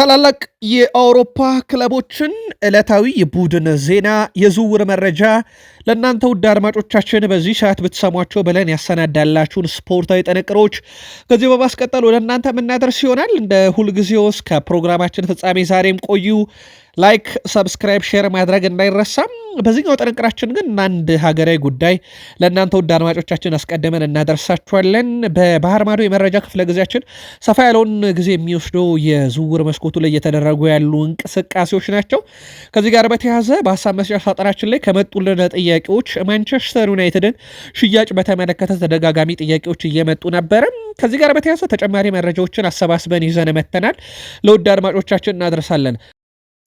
ታላላቅ የአውሮፓ ክለቦችን ዕለታዊ የቡድን ዜና፣ የዝውውር መረጃ ለእናንተ ውድ አድማጮቻችን በዚህ ሰዓት ብትሰሟቸው ብለን ያሰናዳላችሁን ስፖርታዊ ጥንቅሮች ከዚህ በማስቀጠል ወደ እናንተ የምናደርስ ይሆናል። እንደ ሁልጊዜው እስከ ፕሮግራማችን ፍጻሜ ዛሬም ቆዩ። ላይክ፣ ሰብስክራይብ፣ ሼር ማድረግ እንዳይረሳም። በዚህኛው ጥንቅራችን ግን አንድ ሀገራዊ ጉዳይ ለእናንተ ውድ አድማጮቻችን አስቀድመን እናደርሳችኋለን። በባህር ማዶ የመረጃ ክፍለ ጊዜያችን ሰፋ ያለውን ጊዜ የሚወስደው የዝውውር መስኮቱ ላይ እየተደረጉ ያሉ እንቅስቃሴዎች ናቸው። ከዚህ ጋር በተያያዘ በሀሳብ መስጫ ሳጥናችን ላይ ከመጡልን ጥያቄዎች ማንቸስተር ዩናይትድን ሽያጭ በተመለከተ ተደጋጋሚ ጥያቄዎች እየመጡ ነበረ። ከዚህ ጋር በተያያዘ ተጨማሪ መረጃዎችን አሰባስበን ይዘን መተናል። ለውድ አድማጮቻችን እናደርሳለን።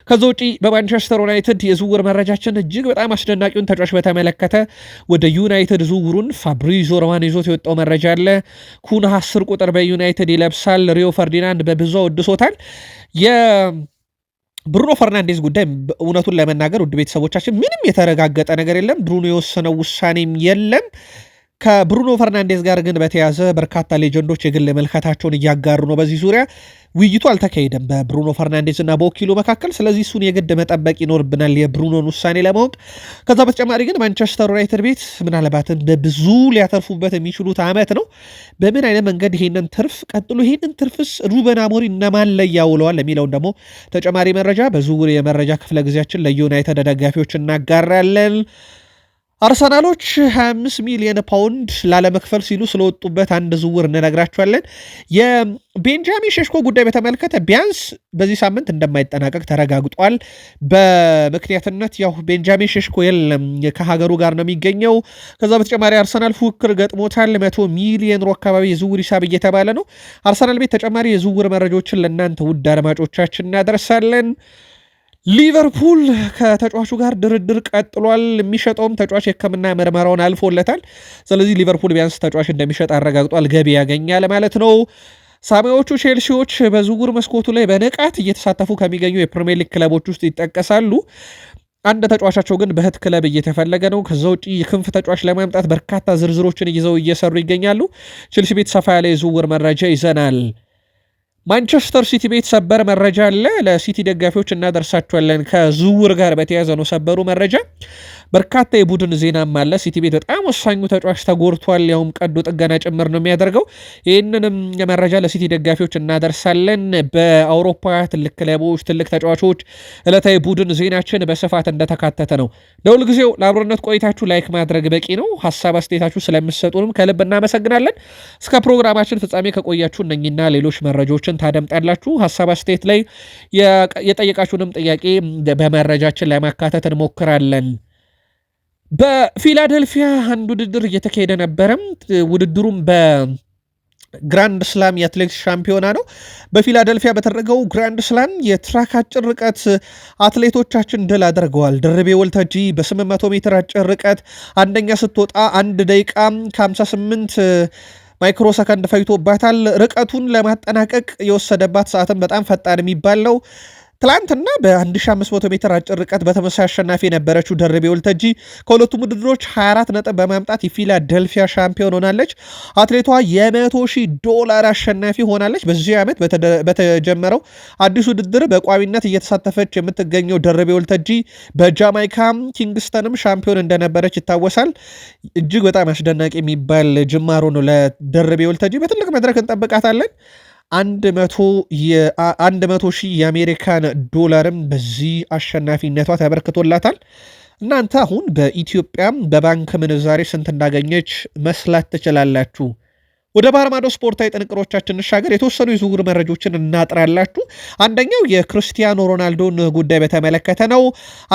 ከዛ ውጪ በማንቸስተር ዩናይትድ የዝውውር መረጃችን እጅግ በጣም አስደናቂውን ተጫዋች በተመለከተ ወደ ዩናይትድ ዝውውሩን ፋብሪዞ ሮማኖ ይዞት የወጣው መረጃ አለ። ኩን አስር ቁጥር በዩናይትድ ይለብሳል። ሪዮ ፈርዲናንድ በብዙ ወድሶታል። የብሩኖ ፈርናንዴዝ ጉዳይ እውነቱን ለመናገር ውድ ቤተሰቦቻችን ምንም የተረጋገጠ ነገር የለም። ብሩኖ የወሰነው ውሳኔም የለም። ከብሩኖ ፈርናንዴዝ ጋር ግን በተያዘ በርካታ ሌጀንዶች የግል መልከታቸውን እያጋሩ ነው። በዚህ ዙሪያ ውይይቱ አልተካሄደም በብሩኖ ፈርናንዴዝ እና በወኪሉ መካከል። ስለዚህ እሱን የግድ መጠበቅ ይኖርብናል የብሩኖን ውሳኔ ለማወቅ። ከዛ በተጨማሪ ግን ማንቸስተር ዩናይትድ ቤት ምናልባትም በብዙ ሊያተርፉበት የሚችሉት ዓመት ነው። በምን አይነት መንገድ ይሄንን ትርፍ ቀጥሎ ይሄንን ትርፍስ ሩበን አሞሪ እነማን ላይ ያውለዋል የሚለውን ደግሞ ተጨማሪ መረጃ በዝውውር የመረጃ ክፍለ ጊዜያችን ለዩናይትድ ደጋፊዎች እናጋራለን። አርሰናሎች 25 ሚሊዮን ፓውንድ ላለመክፈል ሲሉ ስለወጡበት አንድ ዝውውር እንነግራችኋለን። የቤንጃሚን ሸሽኮ ጉዳይ በተመለከተ ቢያንስ በዚህ ሳምንት እንደማይጠናቀቅ ተረጋግጧል። በምክንያትነት ያው ቤንጃሚን ሸሽኮ የለም ከሀገሩ ጋር ነው የሚገኘው። ከዛ በተጨማሪ አርሰናል ፉክክር ገጥሞታል። መቶ ሚሊዮን ሮ አካባቢ የዝውውር ሂሳብ እየተባለ ነው። አርሰናል ቤት ተጨማሪ የዝውውር መረጃዎችን ለእናንተ ውድ አድማጮቻችን እናደርሳለን። ሊቨርፑል ከተጫዋቹ ጋር ድርድር ቀጥሏል። የሚሸጠውም ተጫዋች የሕክምና ምርመራውን አልፎለታል። ስለዚህ ሊቨርፑል ቢያንስ ተጫዋች እንደሚሸጥ አረጋግጧል። ገቢ ያገኛል ማለት ነው። ሳሚዎቹ ቼልሲዎች በዝውውር መስኮቱ ላይ በንቃት እየተሳተፉ ከሚገኙ የፕሪሚየር ሊግ ክለቦች ውስጥ ይጠቀሳሉ። አንድ ተጫዋቻቸው ግን በህት ክለብ እየተፈለገ ነው። ከዛ ውጭ የክንፍ ተጫዋች ለማምጣት በርካታ ዝርዝሮችን ይዘው እየሰሩ ይገኛሉ። ቼልሲ ቤት ሰፋ ያለ የዝውውር መረጃ ይዘናል። ማንቸስተር ሲቲ ቤት ሰበር መረጃ አለ። ለሲቲ ደጋፊዎች እናደርሳቸዋለን። ከዝውውር ጋር በተያያዘ ነው ሰበሩ መረጃ። በርካታ የቡድን ዜናም አለ። ሲቲ ቤት በጣም ወሳኙ ተጫዋች ተጎድቷል፣ ያውም ቀዶ ጥገና ጭምር ነው የሚያደርገው። ይህንንም መረጃ ለሲቲ ደጋፊዎች እናደርሳለን። በአውሮፓ ትልቅ ክለቦች፣ ትልቅ ተጫዋቾች ዕለታዊ ቡድን ዜናችን በስፋት እንደተካተተ ነው። ጊዜው ለአብሮነት ቆይታችሁ ላይክ ማድረግ በቂ ነው። ሀሳብ አስተያየታችሁ ስለምሰጡንም ከልብ እናመሰግናለን። እስከ ፕሮግራማችን ፍጻሜ ከቆያችሁ እነኝና ሌሎች መረጃዎች ዜናዎችን ታደምጣላችሁ። ሀሳብ አስተያየት ላይ የጠየቃችሁንም ጥያቄ በመረጃችን ላይ ማካተት እንሞክራለን። በፊላደልፊያ አንድ ውድድር እየተካሄደ ነበረም። ውድድሩም በ ግራንድ ስላም የአትሌቲክስ ሻምፒዮና ነው። በፊላደልፊያ በተደረገው ግራንድ ስላም የትራክ አጭር ርቀት አትሌቶቻችን ድል አድርገዋል። ድርቤ ወልተጂ በ800 ሜትር አጭር ርቀት አንደኛ ስትወጣ አንድ ደቂቃ ከ58 ማይክሮ ሰከንድ ፈይቶባታል። ርቀቱን ለማጠናቀቅ የወሰደባት ሰዓትም በጣም ፈጣን የሚባል ነው። ትላንትና በ1500 ሜትር አጭር ርቀት በተመሳሳይ አሸናፊ የነበረችው ደርቤ ወልተጂ ከሁለቱም ውድድሮች 24 ነጥብ በማምጣት የፊላደልፊያ ሻምፒዮን ሆናለች። አትሌቷ የመቶ ሺህ ዶላር አሸናፊ ሆናለች። በዚህ ዓመት በተጀመረው አዲስ ውድድር በቋሚነት እየተሳተፈች የምትገኘው ደርቤ ወልተጂ በጃማይካም ኪንግስተንም ሻምፒዮን እንደነበረች ይታወሳል። እጅግ በጣም አስደናቂ የሚባል ጅማሮ ነው ለደርቤ ወልተጂ። በትልቅ መድረክ እንጠብቃታለን። አንድ መቶ ሺህ የአሜሪካን ዶላርም በዚህ አሸናፊነቷ ተበርክቶላታል። እናንተ አሁን በኢትዮጵያም በባንክ ምንዛሬ ስንት እንዳገኘች መስላት ትችላላችሁ። ወደ ባህር ማዶ ስፖርታዊ ጥንቅሮቻችን እንሻገር። የተወሰኑ የዝውውር መረጃዎችን እናጥራላችሁ። አንደኛው የክርስቲያኖ ሮናልዶን ጉዳይ በተመለከተ ነው።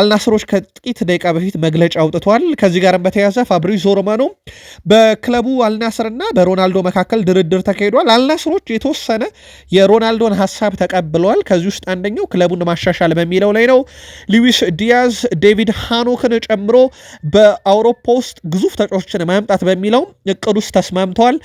አልናስሮች ከጥቂት ደቂቃ በፊት መግለጫ አውጥቷል። ከዚህ ጋርም በተያያዘ ፋብሪዞ ሮማኖ በክለቡ አልናስርና በሮናልዶ መካከል ድርድር ተካሂዷል። አልናስሮች የተወሰነ የሮናልዶን ሀሳብ ተቀብለዋል። ከዚህ ውስጥ አንደኛው ክለቡን ማሻሻል በሚለው ላይ ነው። ሉዊስ ዲያዝ፣ ዴቪድ ሃኖክን ጨምሮ በአውሮፓ ውስጥ ግዙፍ ተጫዋቾችን ማምጣት በሚለው እቅድ ውስጥ ተስማምተዋል።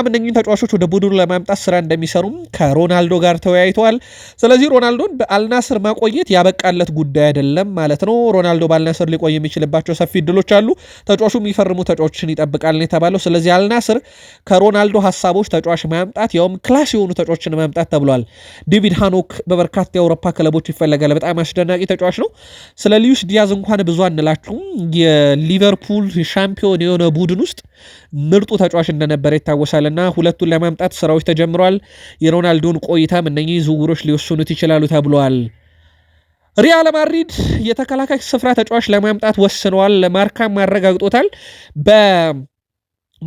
እናም እነኚህን ተጫዋቾች ወደ ቡድኑ ለማምጣት ስራ እንደሚሰሩም ከሮናልዶ ጋር ተወያይተዋል። ስለዚህ ሮናልዶን በአልናስር ማቆየት ያበቃለት ጉዳይ አይደለም ማለት ነው። ሮናልዶ በአልናስር ሊቆይ የሚችልባቸው ሰፊ እድሎች አሉ። ተጫዋቹ የሚፈርሙ ተጫዋቾችን ይጠብቃል ነው የተባለው። ስለዚህ አልናስር ከሮናልዶ ሀሳቦች ተጫዋች ማምጣት ያውም ክላስ የሆኑ ተጫዋችን ማምጣት ተብሏል። ዴቪድ ሃኖክ በበርካታ የአውሮፓ ክለቦች ይፈለጋል። በጣም አስደናቂ ተጫዋች ነው። ስለ ሊዩስ ዲያዝ እንኳን ብዙ አንላችሁም። የሊቨርፑል ሻምፒዮን የሆነ ቡድን ውስጥ ምርጡ ተጫዋች እንደነበረ ይታወሳልና ሁለቱን ለማምጣት ስራዎች ተጀምረዋል። የሮናልዶን ቆይታም እነኚህ ዝውውሮች ሊወስኑት ይችላሉ ተብለዋል። ሪያል ማድሪድ የተከላካይ ስፍራ ተጫዋች ለማምጣት ወስነዋል። ማርካም አረጋግጦታል። በ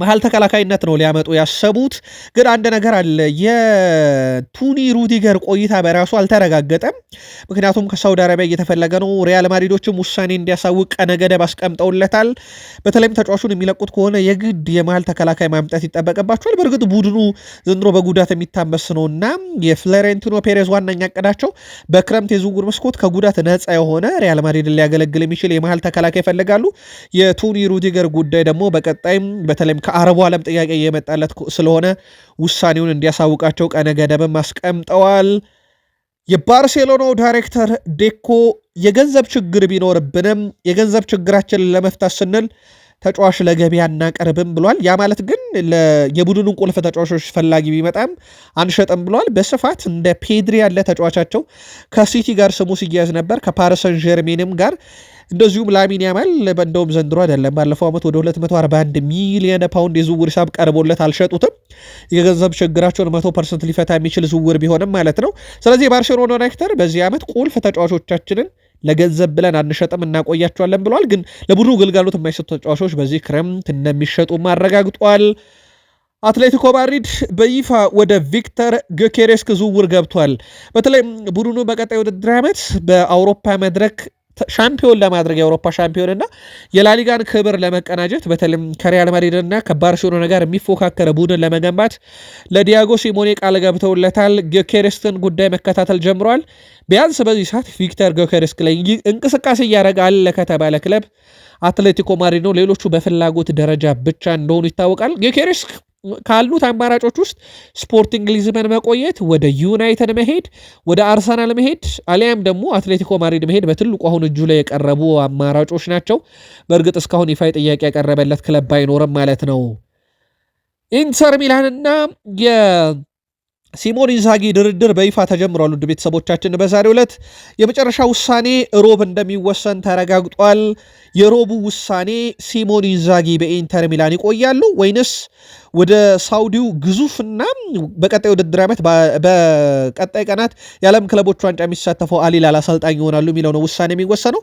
መሀል ተከላካይነት ነው ሊያመጡ ያሰቡት። ግን አንድ ነገር አለ። የቱኒ ሩዲገር ቆይታ በራሱ አልተረጋገጠም። ምክንያቱም ከሳውዲ አረቢያ እየተፈለገ ነው። ሪያል ማድሪዶችም ውሳኔ እንዲያሳውቅ ቀነ ገደብ አስቀምጠውለታል። በተለይም ተጫዋቹን የሚለቁት ከሆነ የግድ የመሀል ተከላካይ ማምጣት ይጠበቅባቸዋል። በእርግጥ ቡድኑ ዘንድሮ በጉዳት የሚታመስ ነው እና የፍሎሬንቲኖ ፔሬዝ ዋነኛ እቅዳቸው በክረምት የዝውውር መስኮት ከጉዳት ነፃ የሆነ ሪያል ማድሪድን ሊያገለግል የሚችል የመሀል ተከላካይ ይፈልጋሉ። የቱኒ ሩዲገር ጉዳይ ደግሞ በቀጣይም በተለይም ከአረቡ ዓለም ጥያቄ እየመጣለት ስለሆነ ውሳኔውን እንዲያሳውቃቸው ቀነ ገደብም አስቀምጠዋል። የባርሴሎናው ዳይሬክተር ዴኮ የገንዘብ ችግር ቢኖርብንም የገንዘብ ችግራችንን ለመፍታት ስንል ተጫዋች ለገበያ እናቀርብም ብሏል። ያ ማለት ግን የቡድኑ ቁልፍ ተጫዋቾች ፈላጊ ቢመጣም አንሸጥም ብሏል። በስፋት እንደ ፔድሪ ያለ ተጫዋቻቸው ከሲቲ ጋር ስሙ ሲያያዝ ነበር። ከፓሪሰን ጀርሜንም ጋር እንደዚሁም ላሚን ያማል እንደውም ዘንድሮ አይደለም ባለፈው ዓመት ወደ 241 ሚሊየን ፓውንድ የዝውውር ሂሳብ ቀርቦለት አልሸጡትም። የገንዘብ ችግራቸውን መቶ ፐርሰንት ሊፈታ የሚችል ዝውውር ቢሆንም ማለት ነው። ስለዚህ የባርሴሎና ዳይሬክተር በዚህ ዓመት ቁልፍ ተጫዋቾቻችንን ለገንዘብ ብለን አንሸጥም እናቆያቸዋለን ብለዋል። ግን ለቡድኑ ግልጋሎት የማይሰጡ ተጫዋቾች በዚህ ክረምት እንደሚሸጡ አረጋግጧል። አትሌቲኮ ማድሪድ በይፋ ወደ ቪክተር ጊዮኬሬስክ ዝውውር ገብቷል። በተለይ ቡድኑ በቀጣይ ውድድር ዓመት በአውሮፓ መድረክ ሻምፒዮን ለማድረግ የአውሮፓ ሻምፒዮንና የላሊጋን ክብር ለመቀናጀት በተለይም ከሪያል ማድሪድና ከባርሴሎና ጋር የሚፎካከረ ቡድን ለመገንባት ለዲያጎ ሲሞኔ ቃል ገብተውለታል። ጊዮኬሬስን ጉዳይ መከታተል ጀምረዋል። ቢያንስ በዚህ ሰዓት ቪክተር ጊዮኬሬስ ላይ እንቅስቃሴ እያደረገ አለ ከተባለ ክለብ አትሌቲኮ ማድሪድ ነው። ሌሎቹ በፍላጎት ደረጃ ብቻ እንደሆኑ ይታወቃል። ጊዮኬሬስ ካሉት አማራጮች ውስጥ ስፖርቲንግ ሊዝበን መቆየት፣ ወደ ዩናይትድ መሄድ፣ ወደ አርሰናል መሄድ አሊያም ደግሞ አትሌቲኮ ማድሪድ መሄድ በትልቁ አሁን እጁ ላይ የቀረቡ አማራጮች ናቸው። በእርግጥ እስካሁን ይፋይ ጥያቄ ያቀረበለት ክለብ አይኖርም ማለት ነው። ኢንተር ሚላንና የሲሞን ኢንዛጊ ድርድር በይፋ ተጀምሯል። ውድ ቤተሰቦቻችን በዛሬው ዕለት የመጨረሻ ውሳኔ ሮብ እንደሚወሰን ተረጋግጧል። የሮቡ ውሳኔ ሲሞን ኢንዛጊ በኢንተር ሚላን ይቆያሉ ወይንስ ወደ ሳውዲው ግዙፍና በቀጣይ ውድድር ዓመት በቀጣይ ቀናት የዓለም ክለቦች ዋንጫ የሚሳተፈው አሊላል አሰልጣኝ ይሆናሉ የሚለው ነው ውሳኔ የሚወሰነው።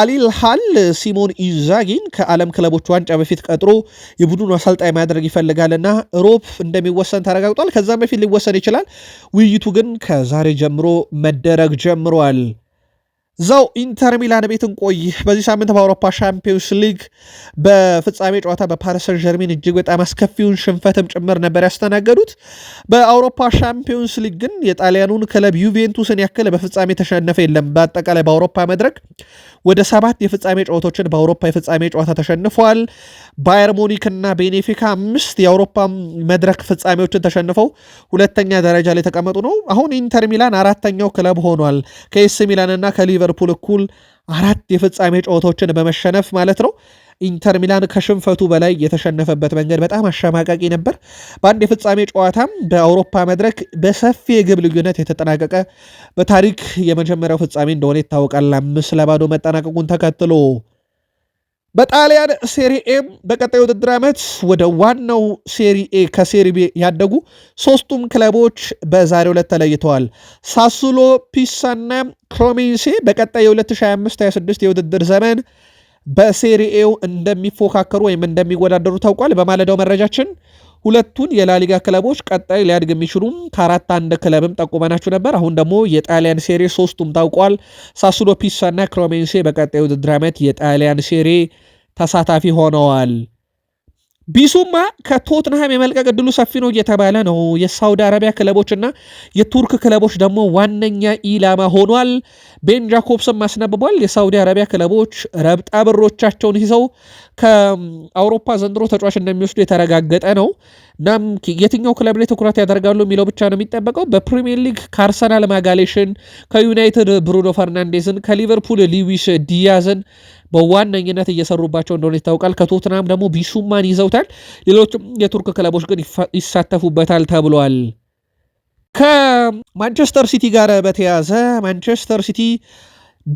አሊላል ሲሞን ኢንዛጊን ከዓለም ክለቦች ዋንጫ በፊት ቀጥሮ የቡድኑ አሰልጣኝ ማድረግ ይፈልጋልና ሮፕ እንደሚወሰን ተረጋግጧል። ከዛም በፊት ሊወሰን ይችላል። ውይይቱ ግን ከዛሬ ጀምሮ መደረግ ጀምሯል። ዘው ኢንተር ሚላን ቤትን ቆይ በዚህ ሳምንት በአውሮፓ ሻምፒዮንስ ሊግ በፍጻሜ ጨዋታ በፓሪስ ሰን ጀርሜን እጅግ በጣም አስከፊውን ሽንፈትም ጭምር ነበር ያስተናገዱት። በአውሮፓ ሻምፒዮንስ ሊግ ግን የጣሊያኑን ክለብ ዩቬንቱስን ያክል በፍጻሜ ተሸነፈ የለም። በአጠቃላይ በአውሮፓ መድረክ ወደ ሰባት የፍጻሜ ጨዋታዎችን በአውሮፓ የፍጻሜ ጨዋታ ተሸንፈዋል። ባየር ሙኒክ እና ቤኔፊካ አምስት የአውሮፓ መድረክ ፍጻሜዎችን ተሸንፈው ሁለተኛ ደረጃ ላይ የተቀመጡ ነው። አሁን ኢንተር ሚላን አራተኛው ክለብ ሆኗል ከኤስ ሚላን እና ከሊቨ ከሊቨርፑል እኩል አራት የፍጻሜ ጨዋታዎችን በመሸነፍ ማለት ነው። ኢንተር ሚላን ከሽንፈቱ በላይ የተሸነፈበት መንገድ በጣም አሸማቃቂ ነበር። በአንድ የፍጻሜ ጨዋታም በአውሮፓ መድረክ በሰፊ የግብ ልዩነት የተጠናቀቀ በታሪክ የመጀመሪያው ፍጻሜ እንደሆነ ይታወቃል። አምስት ለባዶ መጠናቀቁን ተከትሎ በጣሊያን ሴሪኤም በቀጣይ ውድድር ዓመት ወደ ዋናው ሴሪኤ ከሴሪቤ ያደጉ ሶስቱም ክለቦች በዛሬው ዕለት ተለይተዋል። ሳሱሎ፣ ፒሳና ክሮሜንሴ በቀጣይ የ2025/26 የውድድር ዘመን በሴሪኤው እንደሚፎካከሩ ወይም እንደሚወዳደሩ ታውቋል። በማለዳው መረጃችን ሁለቱን የላሊጋ ክለቦች ቀጣይ ሊያድግ የሚችሉም ከአራት አንድ ክለብም ጠቁመናችሁ ነበር። አሁን ደግሞ የጣሊያን ሴሬ ሶስቱም ታውቋል። ሳሱሎ፣ ፒሳና ክሮሜንሴ በቀጣይ ውድድር ዓመት የጣሊያን ሴሬ ተሳታፊ ሆነዋል። ቢሱማ ከቶትንሃም የመልቀቅ ዕድሉ ሰፊ ነው እየተባለ ነው። የሳውዲ አረቢያ ክለቦችና የቱርክ ክለቦች ደግሞ ዋነኛ ኢላማ ሆኗል። ቤን ጃኮብስም አስነብቧል። የሳውዲ አረቢያ ክለቦች ረብጣ ብሮቻቸውን ይዘው ከአውሮፓ ዘንድሮ ተጫዋች እንደሚወስዱ የተረጋገጠ ነው። እናም የትኛው ክለብ ላይ ትኩረት ያደርጋሉ የሚለው ብቻ ነው የሚጠበቀው። በፕሪሚየር ሊግ ከአርሰናል ማጋሌሽን፣ ከዩናይትድ ብሩኖ ፈርናንዴዝን፣ ከሊቨርፑል ሊዊስ ዲያዝን በዋነኝነት እየሰሩባቸው እንደሆነ ይታወቃል። ከቶትናም ደግሞ ቢሱማን ይዘውታል። ሌሎችም የቱርክ ክለቦች ግን ይሳተፉበታል ተብሏል። ከማንቸስተር ሲቲ ጋር በተያዘ ማንቸስተር ሲቲ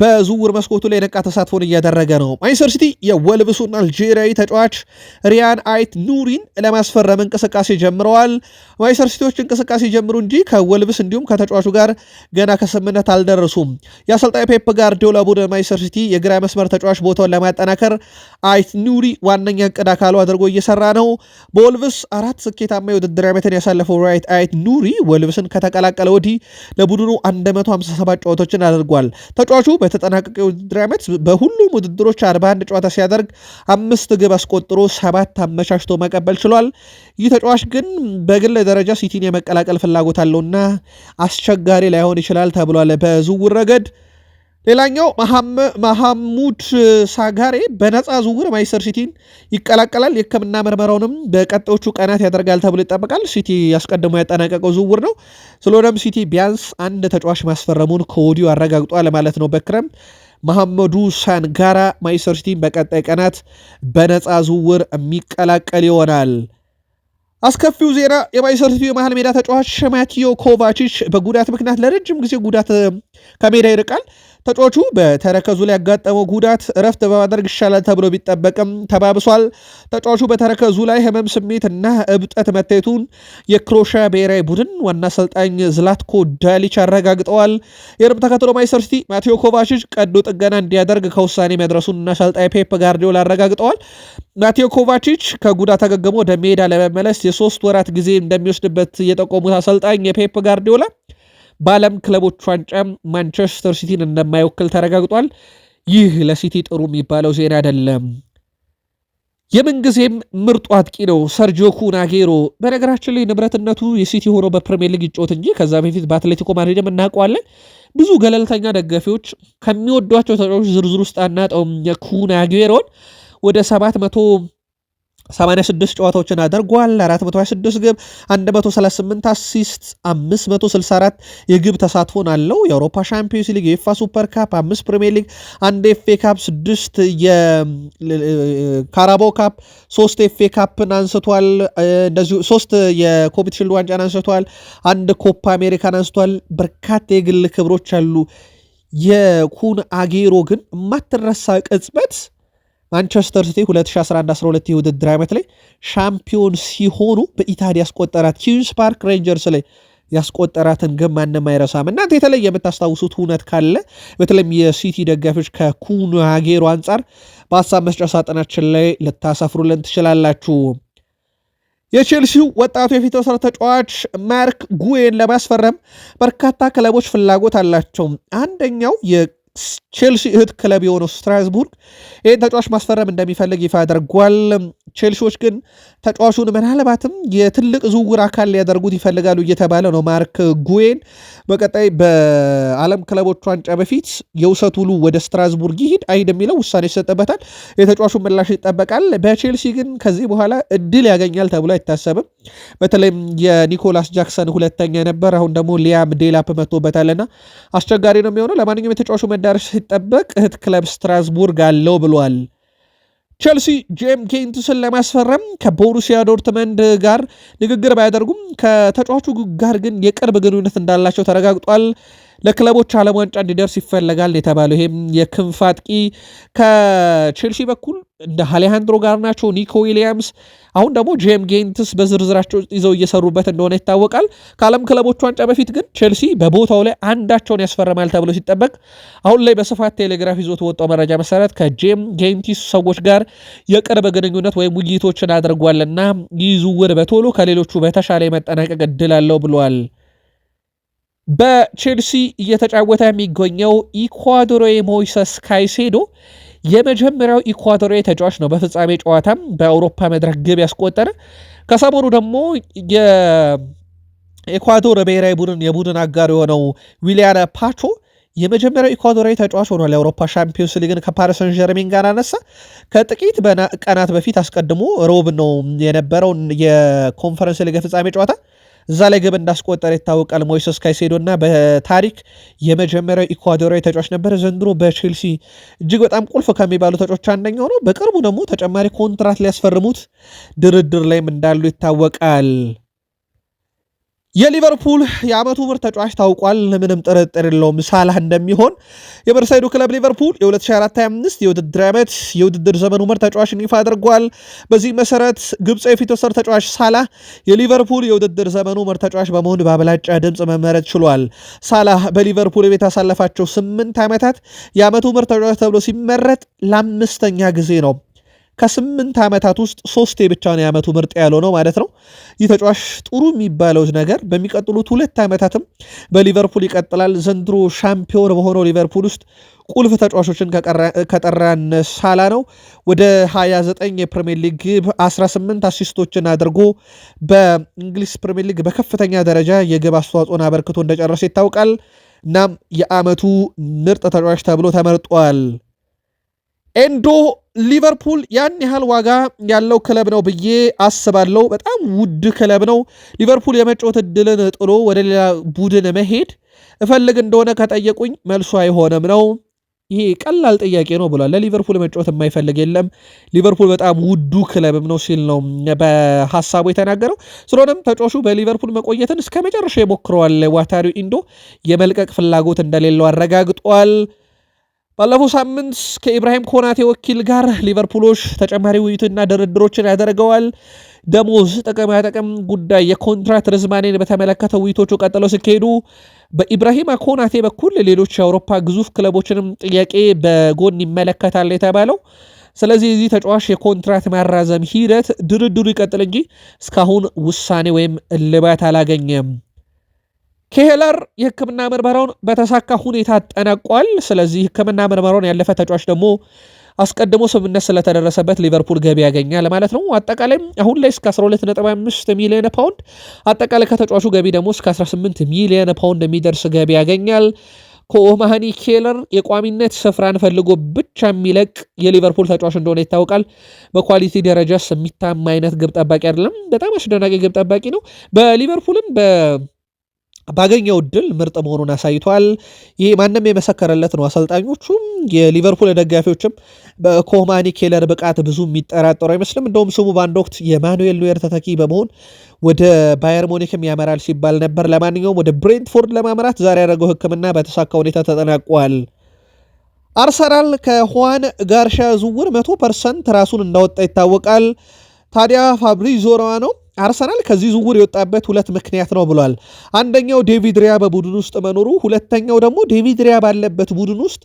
በዝውውር መስኮቱ ላይ የነቃ ተሳትፎን እያደረገ ነው። ማንቸስተር ሲቲ የወልብሱን አልጄሪያዊ ተጫዋች ሪያን አይት ኑሪን ለማስፈረም እንቅስቃሴ ጀምረዋል። ማንቸስተር ሲቲዎች እንቅስቃሴ ጀምሩ እንጂ ከወልብስ እንዲሁም ከተጫዋቹ ጋር ገና ከስምምነት አልደረሱም። የአሰልጣኝ ፔፕ ጋርዲዮላ ቡድን ማንቸስተር ሲቲ የግራ መስመር ተጫዋች ቦታውን ለማጠናከር አይት ኑሪ ዋነኛ እቅድ አካሉ አድርጎ እየሰራ ነው። በወልብስ አራት ስኬታማ የውድድር ዓመትን ያሳለፈው ራይት አይት ኑሪ ወልብስን ከተቀላቀለ ወዲህ ለቡድኑ 157 ጨዋታዎችን አድርጓል። ተጫዋቹ በተጠናቀቀ የውድድር ዓመት በሁሉም ውድድሮች 41 ጨዋታ ሲያደርግ አምስት ግብ አስቆጥሮ ሰባት አመቻችቶ መቀበል ችሏል። ይህ ተጫዋች ግን በግል ደረጃ ሲቲን የመቀላቀል ፍላጎት አለውና አስቸጋሪ ላይሆን ይችላል ተብሏል። በዝውውር ረገድ ሌላኛው መሐሙድ ሳጋሬ በነፃ ዝውውር ማንቸስተር ሲቲን ይቀላቀላል። የሕክምና ምርመራውንም በቀጣዮቹ ቀናት ያደርጋል ተብሎ ይጠበቃል። ሲቲ አስቀድሞ ያጠናቀቀው ዝውውር ነው። ስለሆነም ሲቲ ቢያንስ አንድ ተጫዋች ማስፈረሙን ከወዲሁ አረጋግጧል ማለት ነው። በክረም መሐመዱ ሳንጋራ ማንቸስተር ሲቲን በቀጣይ ቀናት በነፃ ዝውውር የሚቀላቀል ይሆናል። አስከፊው ዜና የማንቸስተር ሲቲ የመሃል ሜዳ ተጫዋች ማቲዮ ኮቫቺች በጉዳት ምክንያት ለረጅም ጊዜ ጉዳት ከሜዳ ይርቃል። ተጫዋቹ በተረከዙ ላይ ያጋጠመው ጉዳት እረፍት በማድረግ ይሻላል ተብሎ ቢጠበቅም ተባብሷል። ተጫዋቹ በተረከዙ ላይ ህመም ስሜት እና እብጠት መታየቱን የክሮሻ ብሔራዊ ቡድን ዋና አሰልጣኝ ዝላትኮ ዳሊች አረጋግጠዋል። ይህንም ተከትሎ ማንቸስተር ሲቲ ማቴዎ ኮቫችች ቀዶ ጥገና እንዲያደርግ ከውሳኔ መድረሱን አሰልጣኝ ፔፕ ጋርዲዮላ አረጋግጠዋል። ማቴዎ ኮቫችች ከጉዳት አገግሞ ወደ ሜዳ ለመመለስ የሶስት ወራት ጊዜ እንደሚወስድበት የጠቆሙት አሰልጣኝ የፔፕ ጋርዲዮላ በዓለም ክለቦች ዋንጫ ማንቸስተር ሲቲን እንደማይወክል ተረጋግጧል። ይህ ለሲቲ ጥሩ የሚባለው ዜና አይደለም። የምንጊዜም ምርጡ አጥቂ ነው ሰርጂዮ ኩናጌሮ በነገራችን ላይ ንብረትነቱ የሲቲ ሆኖ በፕሪሚየር ሊግ ይጫወት እንጂ ከዛ በፊት በአትሌቲኮ ማድሪድም እናውቀዋለን። ብዙ ገለልተኛ ደጋፊዎች ከሚወዷቸው ተጫዋቾች ዝርዝር ውስጥ አናጠውም የኩናጌሮን ወደ ሰባት መቶ 86 ጨዋታዎችን አድርጓል። 426 ግብ፣ 138 አሲስት፣ 564 የግብ ተሳትፎን አለው። የአውሮፓ ሻምፒዮንስ ሊግ፣ የኤፋ ሱፐር ካፕ፣ 5 ፕሪሚየር ሊግ፣ 1 ኤፍኤ ካፕ፣ 6 የካራባው ካፕ፣ 3 ኤፍኤ ካፕን አንስቷል። እንደዚሁ 3 የኮሚት ሽልድ ዋንጫን አንስቷል። አንድ ኮፓ አሜሪካን አንስቷል። በርካታ የግል ክብሮች አሉ። የኩን አጌሮ ግን የማትረሳ ቅጽበት ማንቸስተር ሲቲ 2011-12 የውድድር ዓመት ላይ ሻምፒዮን ሲሆኑ በኢታድ ያስቆጠራት ኪንስ ፓርክ ሬንጀርስ ላይ ያስቆጠራትን ግን ማንም አይረሳም። እናንተ የተለየ የምታስታውሱት እውነት ካለ በተለይም የሲቲ ደጋፊዎች ከኩኑ አጌሮ አንጻር በሀሳብ መስጫ ሳጥናችን ላይ ልታሰፍሩልን ትችላላችሁ። የቼልሲው ወጣቱ የፊት መስመር ተጫዋች ማርክ ጉዌን ለማስፈረም በርካታ ክለቦች ፍላጎት አላቸው። አንደኛው ቼልሲ እህት ክለብ የሆነው ስትራስቡርግ ይህን ተጫዋች ማስፈረም እንደሚፈልግ ይፋ አድርጓል። ቼልሲዎች ግን ተጫዋቹን ምናልባትም የትልቅ ዝውውር አካል ሊያደርጉት ይፈልጋሉ እየተባለ ነው። ማርክ ጉዌን በቀጣይ በዓለም ክለቦች ዋንጫ በፊት የውሰት ውሉ ወደ ስትራስቡርግ ይሂድ አይሂድ የሚለው ውሳኔ ይሰጥበታል። የተጫዋቹ ምላሽ ይጠበቃል። በቼልሲ ግን ከዚህ በኋላ እድል ያገኛል ተብሎ አይታሰብም። በተለይም የኒኮላስ ጃክሰን ሁለተኛ ነበር። አሁን ደግሞ ሊያም ዴላፕ መጥቶበታልና አስቸጋሪ ነው የሚሆነው። ለማንኛውም የተጫዋቹ መዳረሻ ሲጠበቅ እህት ክለብ ስትራስቡርግ አለው ብሏል። ቸልሲ ጄም ኬንትስን ለማስፈረም ከቦሩሲያ ዶርትመንድ ጋር ንግግር ባያደርጉም ከተጫዋቹ ጋር ግን የቅርብ ግንኙነት እንዳላቸው ተረጋግጧል። ለክለቦች ዓለም ዋንጫ እንዲደርስ ይፈለጋል የተባለው ይሄም የክንፍ አጥቂ ከቼልሲ በኩል እንደ አሌሃንድሮ ጋርናቾ፣ ኒኮ ዊሊያምስ አሁን ደግሞ ጄም ጌንትስ በዝርዝራቸው ይዘው እየሰሩበት እንደሆነ ይታወቃል። ከዓለም ክለቦች ዋንጫ በፊት ግን ቼልሲ በቦታው ላይ አንዳቸውን ያስፈርማል ተብሎ ሲጠበቅ አሁን ላይ በስፋት ቴሌግራፍ ይዞት ወጣው መረጃ መሰረት ከጄም ጌንቲስ ሰዎች ጋር የቅርብ ግንኙነት ወይም ውይይቶችን አድርጓልና ይህ ዝውውር በቶሎ ከሌሎቹ በተሻለ የመጠናቀቅ እድል አለው ብሏል። በቼልሲ እየተጫወተ የሚገኘው ኢኳዶሮ ሞይሰስ ካይሴዶ የመጀመሪያው ኢኳቶሪያዊ ተጫዋች ነው በፍጻሜ ጨዋታም በአውሮፓ መድረክ ግብ ያስቆጠረ። ከሰሞኑ ደግሞ የኤኳዶር ብሔራዊ ቡድን የቡድን አጋር የሆነው ዊሊያና ፓቾ የመጀመሪያው ኢኳዶራዊ ተጫዋች ሆኗል። የአውሮፓ ሻምፒዮንስ ሊግን ከፓሪስ ሰን ጀርሜን ጋር አነሳ። ከጥቂት ቀናት በፊት አስቀድሞ ሮብ ነው የነበረው የኮንፈረንስ ሊግ ፍጻሜ ጨዋታ እዛ ላይ ግብ እንዳስቆጠረ ይታወቃል። ሞይሰስ ካይሴዶና በታሪክ የመጀመሪያው ኢኳዶራዊ ተጫዋች ነበር። ዘንድሮ በቼልሲ እጅግ በጣም ቁልፍ ከሚባሉ ተጫዋቾች አንደኛው ነው። በቅርቡ ደግሞ ተጨማሪ ኮንትራት ሊያስፈርሙት ድርድር ላይም እንዳሉ ይታወቃል። የሊቨርፑል የዓመቱ ምርጥ ተጫዋች ታውቋል። ምንም ጥርጥር የለውም ሳላህ እንደሚሆን የመርሳይዱ ክለብ ሊቨርፑል የ2425 የውድድር ዓመት የውድድር ዘመኑ ምርጥ ተጫዋችን ይፋ አድርጓል። በዚህ መሰረት ግብፅ የፊት ወሰር ተጫዋች ሳላህ የሊቨርፑል የውድድር ዘመኑ ምርጥ ተጫዋች በመሆን በአብላጫ ድምፅ መመረጥ ችሏል። ሳላህ በሊቨርፑል የቤት ያሳለፋቸው ስምንት ዓመታት የዓመቱ ምርጥ ተጫዋች ተብሎ ሲመረጥ ለአምስተኛ ጊዜ ነው። ከስምንት ዓመታት ውስጥ ሶስቴ ብቻ ነው የዓመቱ ምርጥ ያለው ነው ማለት ነው። ይህ ተጫዋች ጥሩ የሚባለው ነገር በሚቀጥሉት ሁለት ዓመታትም በሊቨርፑል ይቀጥላል። ዘንድሮ ሻምፒዮን በሆነው ሊቨርፑል ውስጥ ቁልፍ ተጫዋቾችን ከጠራን ሳላ ነው። ወደ 29 የፕሪሚየር ሊግ ግብ 18 አሲስቶችን አድርጎ በእንግሊዝ ፕሪሚየር ሊግ በከፍተኛ ደረጃ የግብ አስተዋጽኦን አበርክቶ እንደጨረሰ ይታወቃል። እናም የዓመቱ ምርጥ ተጫዋች ተብሎ ተመርጧል። ኤንዶ ሊቨርፑል ያን ያህል ዋጋ ያለው ክለብ ነው ብዬ አስባለሁ። በጣም ውድ ክለብ ነው። ሊቨርፑል የመጫወት እድልን ጥሎ ወደ ሌላ ቡድን መሄድ እፈልግ እንደሆነ ከጠየቁኝ መልሱ አይሆንም ነው። ይሄ ቀላል ጥያቄ ነው ብሏል። ለሊቨርፑል መጫወት የማይፈልግ የለም፣ ሊቨርፑል በጣም ውዱ ክለብም ነው ሲል ነው በሀሳቡ የተናገረው። ስለሆነም ተጫዋቹ በሊቨርፑል መቆየትን እስከ መጨረሻ ይሞክረዋል። ዋታሪው ኢንዶ የመልቀቅ ፍላጎት እንደሌለው አረጋግጧል። ባለፈው ሳምንት ከኢብራሂም ኮናቴ ወኪል ጋር ሊቨርፑሎች ተጨማሪ ውይይትና ድርድሮችን ያደርገዋል። ደሞዝ፣ ጥቅማ ጥቅም ጉዳይ፣ የኮንትራት ርዝማኔን በተመለከተ ውይይቶቹ ቀጥለው ሲካሄዱ በኢብራሂማ ኮናቴ በኩል ሌሎች የአውሮፓ ግዙፍ ክለቦችንም ጥያቄ በጎን ይመለከታል የተባለው ስለዚህ እዚህ ተጫዋች የኮንትራት ማራዘም ሂደት ድርድሩ ይቀጥል እንጂ እስካሁን ውሳኔ ወይም እልባት አላገኘም። ኬሄለር የህክምና ምርመራውን በተሳካ ሁኔታ አጠናቋል። ስለዚህ ህክምና ምርመራውን ያለፈ ተጫዋች ደግሞ አስቀድሞ ስምምነት ስለተደረሰበት ሊቨርፑል ገቢ ያገኛል ማለት ነው። አጠቃላይም አሁን ላይ እስከ 12.5 ሚሊዮን ፓውንድ አጠቃላይ ከተጫዋቹ ገቢ ደግሞ እስከ 18 ሚሊዮን ፓውንድ የሚደርስ ገቢ ያገኛል። ከኦማሃኒ ኬለር የቋሚነት ስፍራን ፈልጎ ብቻ የሚለቅ የሊቨርፑል ተጫዋች እንደሆነ ይታወቃል። በኳሊቲ ደረጃስ የሚታማ አይነት ግብ ጠባቂ አይደለም። በጣም አስደናቂ ግብ ጠባቂ ነው። በሊቨርፑልም በ ባገኘው እድል ምርጥ መሆኑን አሳይቷል። ይህ ማንም የመሰከረለት ነው። አሰልጣኞቹም የሊቨርፑል ደጋፊዎችም በኮማኒ ኬለር ብቃት ብዙ የሚጠራጠሩ አይመስልም። እንደውም ስሙ በአንድ ወቅት የማኑኤል ኖየር ተተኪ በመሆን ወደ ባየር ሞኒክም ያመራል ሲባል ነበር። ለማንኛውም ወደ ብሬንትፎርድ ለማምራት ዛሬ ያደረገው ሕክምና በተሳካ ሁኔታ ተጠናቋል። አርሰናል ከሁዋን ጋርሻ ዝውውር መቶ ፐርሰንት ራሱን እንዳወጣ ይታወቃል። ታዲያ ፋብሪዞ ሮማኖ ነው አርሰናል ከዚህ ዝውውር የወጣበት ሁለት ምክንያት ነው ብሏል። አንደኛው ዴቪድ ሪያ በቡድን ውስጥ መኖሩ፣ ሁለተኛው ደግሞ ዴቪድ ሪያ ባለበት ቡድን ውስጥ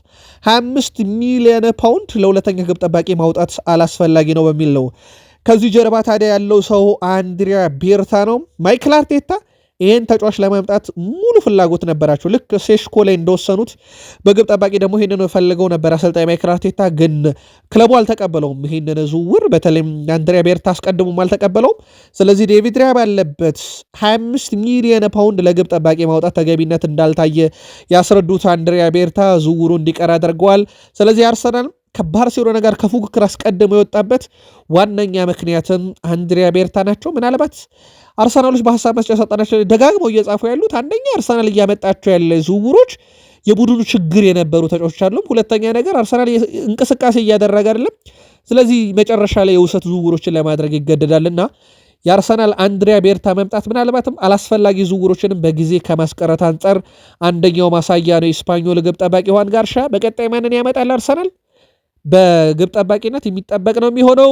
25 ሚሊዮን ፓውንድ ለሁለተኛ ግብ ጠባቂ ማውጣት አላስፈላጊ ነው በሚል ነው። ከዚህ ጀርባ ታዲያ ያለው ሰው አንድሪያ ቤርታ ነው። ማይክል አርቴታ ይህን ተጫዋች ለማምጣት ሙሉ ፍላጎት ነበራቸው። ልክ ሴሽኮ ላይ እንደወሰኑት በግብ ጠባቂ ደግሞ ይህንን ፈልገው ነበር አሰልጣኝ ማይክል አርቴታ፣ ግን ክለቡ አልተቀበለውም ይህንን ዝውውር፣ በተለይም አንድሪያ ቤርታ አስቀድሞም አልተቀበለውም። ስለዚህ ዴቪድ ሪያ ባለበት 25 ሚሊየን ፓውንድ ለግብ ጠባቂ ማውጣት ተገቢነት እንዳልታየ ያስረዱት አንድሪያ ቤርታ ዝውውሩ እንዲቀር አድርገዋል። ስለዚህ አርሰናል ከባርሴሎና ጋር ከፉክክር አስቀድሞ የወጣበት ዋነኛ ምክንያትም አንድሪያ ቤርታ ናቸው። ምናልባት አርሰናሎች በሀሳብ መስጫ ሳጥናቸው ደጋግመው እየጻፉ ያሉት አንደኛ አርሰናል እያመጣቸው ያለ ዝውውሮች የቡድኑ ችግር የነበሩ ተጫዋቾች አሉም። ሁለተኛ ነገር አርሰናል እንቅስቃሴ እያደረገ አይደለም። ስለዚህ መጨረሻ ላይ የውሰት ዝውውሮችን ለማድረግ ይገደዳልና የአርሰናል አንድሪያ ቤርታ መምጣት ምናልባትም አላስፈላጊ ዝውውሮችንም በጊዜ ከማስቀረት አንጻር አንደኛው ማሳያ ነው። የስፓኞል ግብ ጠባቂ ዋን ጋርሻ በቀጣይ ማንን ያመጣል አርሰናል? በግብ ጠባቂነት የሚጠበቅ ነው የሚሆነው።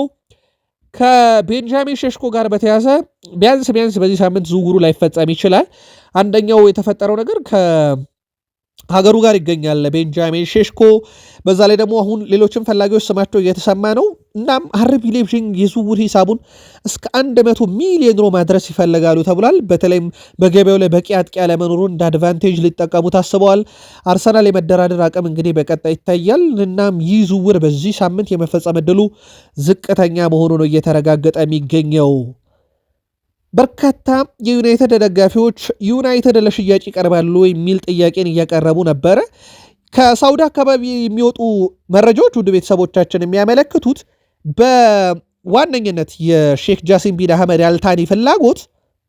ከቤንጃሚን ሸሽኮ ጋር በተያዘ ቢያንስ ቢያንስ በዚህ ሳምንት ዝውውሩ ላይፈጸም ይችላል። አንደኛው የተፈጠረው ነገር ሀገሩ ጋር ይገኛል ቤንጃሚን ሼሽኮ። በዛ ላይ ደግሞ አሁን ሌሎችም ፈላጊዎች ስማቸው እየተሰማ ነው። እናም አርቢ ሌብዥንግ የዝውውር ሂሳቡን እስከ 100 ሚሊዮን ሮ ማድረስ ይፈልጋሉ ተብሏል። በተለይም በገበያው ላይ በቂ አጥቂ ያለመኖሩ እንደ አድቫንቴጅ ሊጠቀሙ ታስበዋል። አርሰናል የመደራደር አቅም እንግዲህ በቀጣይ ይታያል። እናም ይህ ዝውውር በዚህ ሳምንት የመፈጸም ዕድሉ ዝቅተኛ መሆኑ ነው እየተረጋገጠ የሚገኘው። በርካታ የዩናይትድ ደጋፊዎች ዩናይትድ ለሽያጭ ይቀርባሉ የሚል ጥያቄን እያቀረቡ ነበረ። ከሳውዲ አካባቢ የሚወጡ መረጃዎች ውድ ቤተሰቦቻችን የሚያመለክቱት በዋነኝነት የሼክ ጃሲም ቢን አህመድ አልታኒ ፍላጎት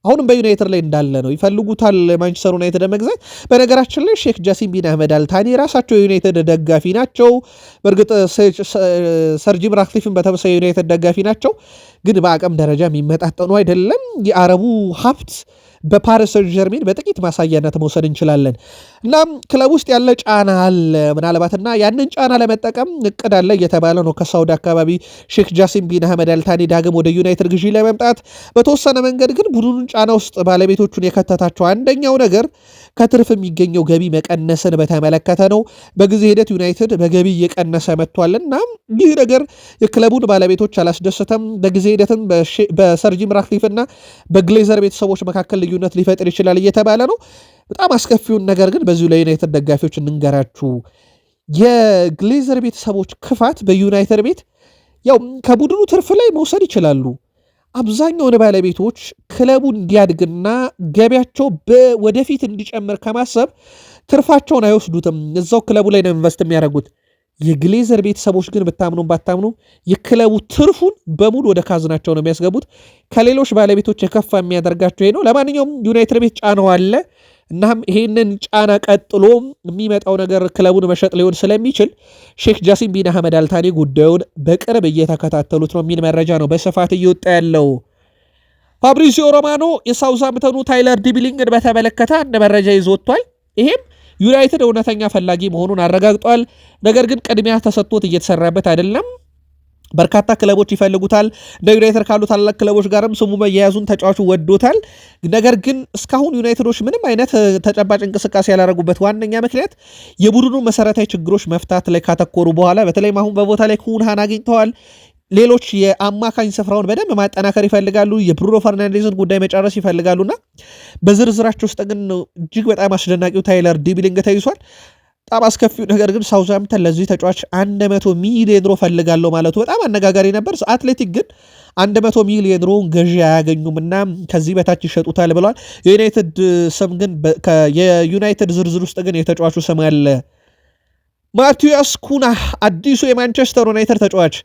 አሁንም በዩናይትድ ላይ እንዳለ ነው። ይፈልጉታል ማንቸስተር ዩናይትድ መግዛት። በነገራችን ላይ ሼክ ጃሲም ቢን አህመድ አልታኒ ራሳቸው የዩናይትድ ደጋፊ ናቸው። በእርግጥ ሰርጂም ራክሊፍን በተመሳይ የዩናይትድ ደጋፊ ናቸው፣ ግን በአቅም ደረጃ የሚመጣጠኑ አይደለም። የአረቡ ሀብት በፓሪስ ሰን ጀርሜን በጥቂት ማሳያነት መውሰድ እንችላለን። እና ክለብ ውስጥ ያለ ጫና አለ ምናልባትና ያንን ጫና ለመጠቀም እቅድ አለ እየተባለ ነው። ከሳውዲ አካባቢ ሼክ ጃሲም ቢን አህመድ አልታኒ ዳግም ወደ ዩናይትድ ግዢ ለመምጣት በተወሰነ መንገድ ግን ቡድኑን ጫና ውስጥ ባለቤቶቹን የከተታቸው አንደኛው ነገር ከትርፍ የሚገኘው ገቢ መቀነስን በተመለከተ ነው። በጊዜ ሂደት ዩናይትድ በገቢ እየቀነሰ መጥቷል። እና ይህ ነገር የክለቡን ባለቤቶች አላስደሰተም። በጊዜ ሂደትም በሰር ጂም ራትክሊፍና በግሌዘር ቤተሰቦች መካከል ልዩነት ሊፈጥር ይችላል እየተባለ ነው። በጣም አስከፊውን ነገር ግን በዚሁ ለዩናይትድ ደጋፊዎች እንንገራችሁ። የግሌዘር ቤተሰቦች ክፋት በዩናይትድ ቤት ያው ከቡድኑ ትርፍ ላይ መውሰድ ይችላሉ። አብዛኛውን ባለቤቶች ክለቡ እንዲያድግና ገቢያቸው ወደፊት እንዲጨምር ከማሰብ ትርፋቸውን አይወስዱትም። እዛው ክለቡ ላይ ነው ኢንቨስት የሚያደርጉት። የግሌዘር ቤተሰቦች ግን ብታምኑም ባታምኑም የክለቡ ትርፉን በሙሉ ወደ ካዝናቸው ነው የሚያስገቡት። ከሌሎች ባለቤቶች የከፋ የሚያደርጋቸው ይሄ ነው። ለማንኛውም ዩናይትድ ቤት ጫነው አለ። እናም ይሄንን ጫና ቀጥሎ የሚመጣው ነገር ክለቡን መሸጥ ሊሆን ስለሚችል ሼክ ጃሲም ቢን አህመድ አልታኒ ጉዳዩን በቅርብ እየተከታተሉት ነው የሚል መረጃ ነው በስፋት እየወጣ ያለው። ፋብሪሲዮ ሮማኖ የሳውዛምተኑ ታይለር ዲቢሊንግን በተመለከተ አንድ መረጃ ይዞ ይሄም ዩናይትድ እውነተኛ ፈላጊ መሆኑን አረጋግጧል። ነገር ግን ቅድሚያ ተሰጥቶት እየተሰራበት አይደለም። በርካታ ክለቦች ይፈልጉታል። እንደ ዩናይትድ ካሉ ታላቅ ክለቦች ጋርም ስሙ መያያዙን ተጫዋቹ ወዶታል። ነገር ግን እስካሁን ዩናይትዶች ምንም አይነት ተጨባጭ እንቅስቃሴ ያላረጉበት ዋነኛ ምክንያት የቡድኑ መሰረታዊ ችግሮች መፍታት ላይ ካተኮሩ በኋላ በተለይም አሁን በቦታ ላይ ኩንሃን አግኝተዋል። ሌሎች የአማካኝ ስፍራውን በደንብ ማጠናከር ይፈልጋሉ። የብሩኖ ፈርናንዴዝን ጉዳይ መጨረስ ይፈልጋሉና በዝርዝራቸው ውስጥ ግን እጅግ በጣም አስደናቂው ታይለር ዲቢሊንግ ተይዟል። በጣም አስከፊው ነገር ግን ሳውዛምተን ለዚህ ተጫዋች 100 ሚሊዮን ሮ ፈልጋለሁ ማለቱ በጣም አነጋጋሪ ነበር። አትሌቲክ ግን 100 ሚሊዮን ሮ ገዢ አያገኙም እና ከዚህ በታች ይሸጡታል ብለዋል። የዩናይትድ ስም ግን የዩናይትድ ዝርዝር ውስጥ ግን የተጫዋቹ ስም አለ። ማቲያስ ኩና አዲሱ የማንቸስተር ዩናይትድ ተጫዋች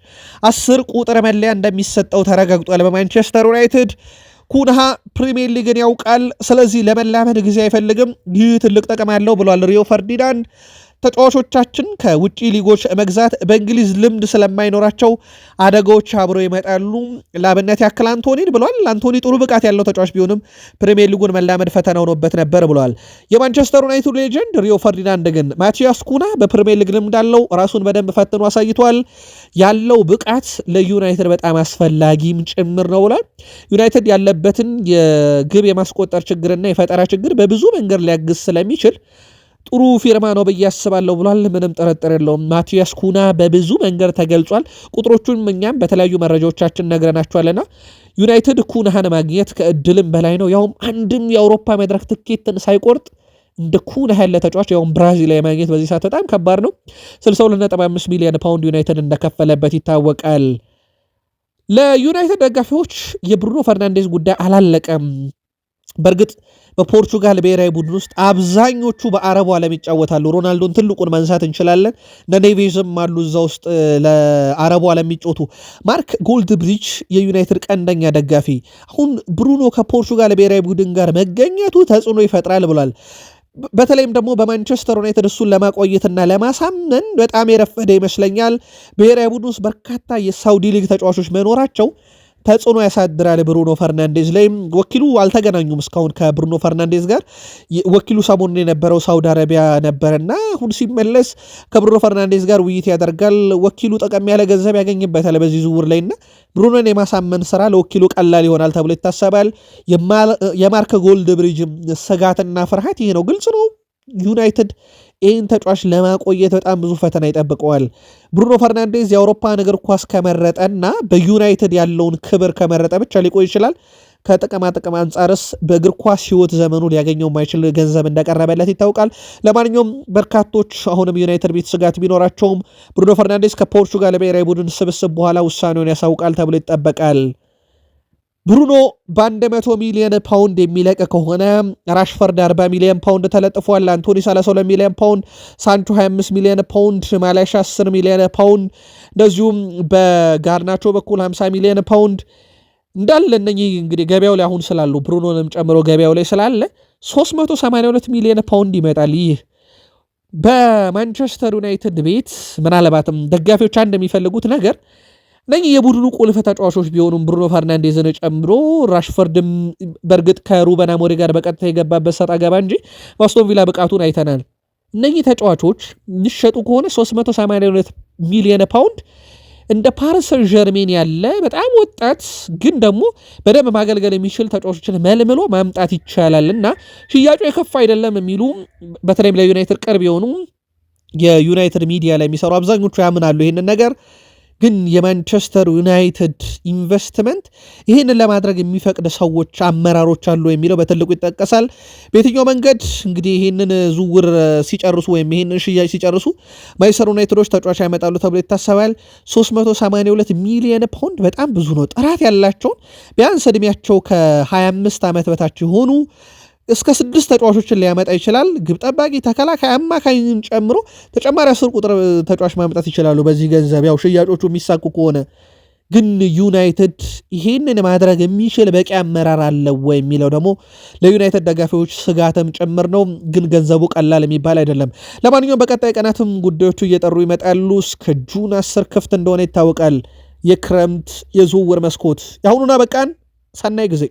አስር ቁጥር መለያ እንደሚሰጠው ተረጋግጧል። በማንቸስተር ዩናይትድ ኩንሃ ፕሪሚየር ሊግን ያውቃል። ስለዚህ ለመላመድ ጊዜ አይፈልግም። ይህ ትልቅ ጥቅም ያለው ብሏል ሪዮ ፈርዲናንድ። ተጫዋቾቻችን ከውጭ ሊጎች መግዛት በእንግሊዝ ልምድ ስለማይኖራቸው አደጋዎች አብረው ይመጣሉ። ላብነት ያክል አንቶኒን ብሏል አንቶኒ ጥሩ ብቃት ያለው ተጫዋች ቢሆንም ፕሪሚየር ሊጉን መላመድ ፈተና ሆኖበት ነበር ብሏል። የማንቸስተር ዩናይትድ ሌጀንድ ሪዮ ፈርዲናንድ ግን ማቲያስ ኩና በፕሪሚየር ሊግ ልምድ አለው፣ ራሱን በደንብ ፈትኖ አሳይቷል። ያለው ብቃት ለዩናይትድ በጣም አስፈላጊም ጭምር ነው ብሏል። ዩናይትድ ያለበትን የግብ የማስቆጠር ችግርና የፈጠራ ችግር በብዙ መንገድ ሊያግዝ ስለሚችል ጥሩ ፊርማ ነው ብዬ አስባለሁ ብሏል። ምንም ጥርጥር የለውም። ማቲያስ ኩና በብዙ መንገድ ተገልጿል። ቁጥሮቹን እኛም በተለያዩ መረጃዎቻችን ነግረናቸዋልና ዩናይትድ ኩናህን ማግኘት ከእድልም በላይ ነው። ያውም አንድም የአውሮፓ መድረክ ትኬትን ሳይቆርጥ እንደ ኩና ያለ ተጫዋች ያውም ላይ ማግኘት በዚህ ሰዓት በጣም ከባድ ነው። 62.5 ሚሊዮን ፓውንድ ዩናይትድ እንደከፈለበት ይታወቃል። ለዩናይትድ ደጋፊዎች የብሩኖ ፈርናንዴዝ ጉዳይ አላለቀም። በእርግጥ በፖርቹጋል ብሔራዊ ቡድን ውስጥ አብዛኞቹ በአረቡ ዓለም ይጫወታሉ። ሮናልዶን ትልቁን ማንሳት እንችላለን። እነ ኔቬዝም አሉ እዛ ውስጥ ለአረቡ ዓለም የሚጮቱ። ማርክ ጎልድ ብሪጅ የዩናይትድ ቀንደኛ ደጋፊ፣ አሁን ብሩኖ ከፖርቹጋል ብሔራዊ ቡድን ጋር መገኘቱ ተጽዕኖ ይፈጥራል ብሏል። በተለይም ደግሞ በማንቸስተር ዩናይትድ እሱን ለማቆየትና ለማሳመን በጣም የረፈደ ይመስለኛል። ብሔራዊ ቡድን ውስጥ በርካታ የሳውዲ ሊግ ተጫዋቾች መኖራቸው ተጽዕኖ ያሳድራል ብሩኖ ፈርናንዴዝ ላይ። ወኪሉ አልተገናኙም እስካሁን ከብሩኖ ፈርናንዴዝ ጋር። ወኪሉ ሰሞኑን የነበረው ሳውዲ አረቢያ ነበረና አሁን ሲመለስ ከብሩኖ ፈርናንዴዝ ጋር ውይይት ያደርጋል። ወኪሉ ጠቀም ያለ ገንዘብ ያገኝበታል በዚህ ዝውውር ላይና ብሩኖን የማሳመን ስራ ለወኪሉ ቀላል ይሆናል ተብሎ ይታሰባል። የማርክ ጎልድ ብሪጅም ስጋትና ፍርሃት ይሄ ነው፣ ግልጽ ነው። ዩናይትድ ይህን ተጫዋች ለማቆየት በጣም ብዙ ፈተና ይጠብቀዋል። ብሩኖ ፈርናንዴዝ የአውሮፓን እግር ኳስ ከመረጠና በዩናይትድ ያለውን ክብር ከመረጠ ብቻ ሊቆይ ይችላል። ከጥቅማ ጥቅም አንጻርስ በእግር ኳስ ህይወት ዘመኑ ሊያገኘው የማይችል ገንዘብ እንደቀረበለት ይታወቃል። ለማንኛውም በርካቶች አሁንም ዩናይትድ ቤት ስጋት ቢኖራቸውም ብሩኖ ፈርናንዴስ ከፖርቹጋል ብሔራዊ ቡድን ስብስብ በኋላ ውሳኔውን ያሳውቃል ተብሎ ይጠበቃል። ብሩኖ በ100 ሚሊዮን ፓውንድ የሚለቅ ከሆነ ራሽፈርድ 40 ሚሊዮን ፓውንድ ተለጥፏል። አንቶኒ 32 ሚሊዮን ፓውንድ፣ ሳንቾ 25 ሚሊዮን ፓውንድ፣ ማላሽ 10 ሚሊዮን ፓውንድ፣ እንደዚሁም በጋርናቾ በኩል 50 ሚሊዮን ፓውንድ እንዳለ እነኚህ እንግዲህ ገበያው ላይ አሁን ስላሉ ብሩኖንም ጨምሮ ገበያው ላይ ስላለ 382 ሚሊዮን ፓውንድ ይመጣል። ይህ በማንቸስተር ዩናይትድ ቤት ምናልባትም ደጋፊዎች አንድ የሚፈልጉት ነገር እነኚህ የቡድኑ ቁልፍ ተጫዋቾች ቢሆኑም ብሩኖ ፈርናንዴዝን ጨምሮ ራሽፈርድም በእርግጥ ከሩበን አሞሪም ጋር በቀጥታ የገባበት ሰጣ ገባ እንጂ በአስቶን ቪላ ብቃቱን አይተናል። እነኚህ ተጫዋቾች የሚሸጡ ከሆነ 382 ሚሊየን ፓውንድ እንደ ፓርሰን ጀርሜን ያለ በጣም ወጣት ግን ደግሞ በደንብ ማገልገል የሚችል ተጫዋቾችን መልምሎ ማምጣት ይቻላል እና ሽያጩ የከፋ አይደለም የሚሉ በተለይም ለዩናይትድ ቅርብ የሆኑ የዩናይትድ ሚዲያ ላይ የሚሰሩ አብዛኞቹ ያምናሉ ይህንን ነገር ግን የማንቸስተር ዩናይትድ ኢንቨስትመንት ይህንን ለማድረግ የሚፈቅድ ሰዎች፣ አመራሮች አሉ የሚለው በትልቁ ይጠቀሳል። በየትኛው መንገድ እንግዲህ ይህንን ዝውውር ሲጨርሱ ወይም ይህንን ሽያጭ ሲጨርሱ ማንቸስተር ዩናይትዶች ተጫዋች ያመጣሉ ተብሎ ይታሰባል። 382 ሚሊየን ፓውንድ በጣም ብዙ ነው። ጥራት ያላቸውን ቢያንስ እድሜያቸው ከ25 ዓመት በታች የሆኑ እስከ ስድስት ተጫዋቾችን ሊያመጣ ይችላል። ግብ ጠባቂ፣ ተከላካይ፣ አማካኝን ጨምሮ ተጨማሪ አስር ቁጥር ተጫዋች ማምጣት ይችላሉ። በዚህ ገንዘብ ያው ሽያጮቹ የሚሳኩ ከሆነ ግን ዩናይትድ ይሄንን ማድረግ የሚችል በቂ አመራር አለው ወይ የሚለው ደግሞ ለዩናይትድ ደጋፊዎች ስጋትም ጭምር ነው። ግን ገንዘቡ ቀላል የሚባል አይደለም። ለማንኛውም በቀጣይ ቀናትም ጉዳዮቹ እየጠሩ ይመጣሉ። እስከ ጁን አስር ክፍት እንደሆነ ይታወቃል። የክረምት የዝውውር መስኮት የአሁኑና በቃን። ሰናይ ጊዜ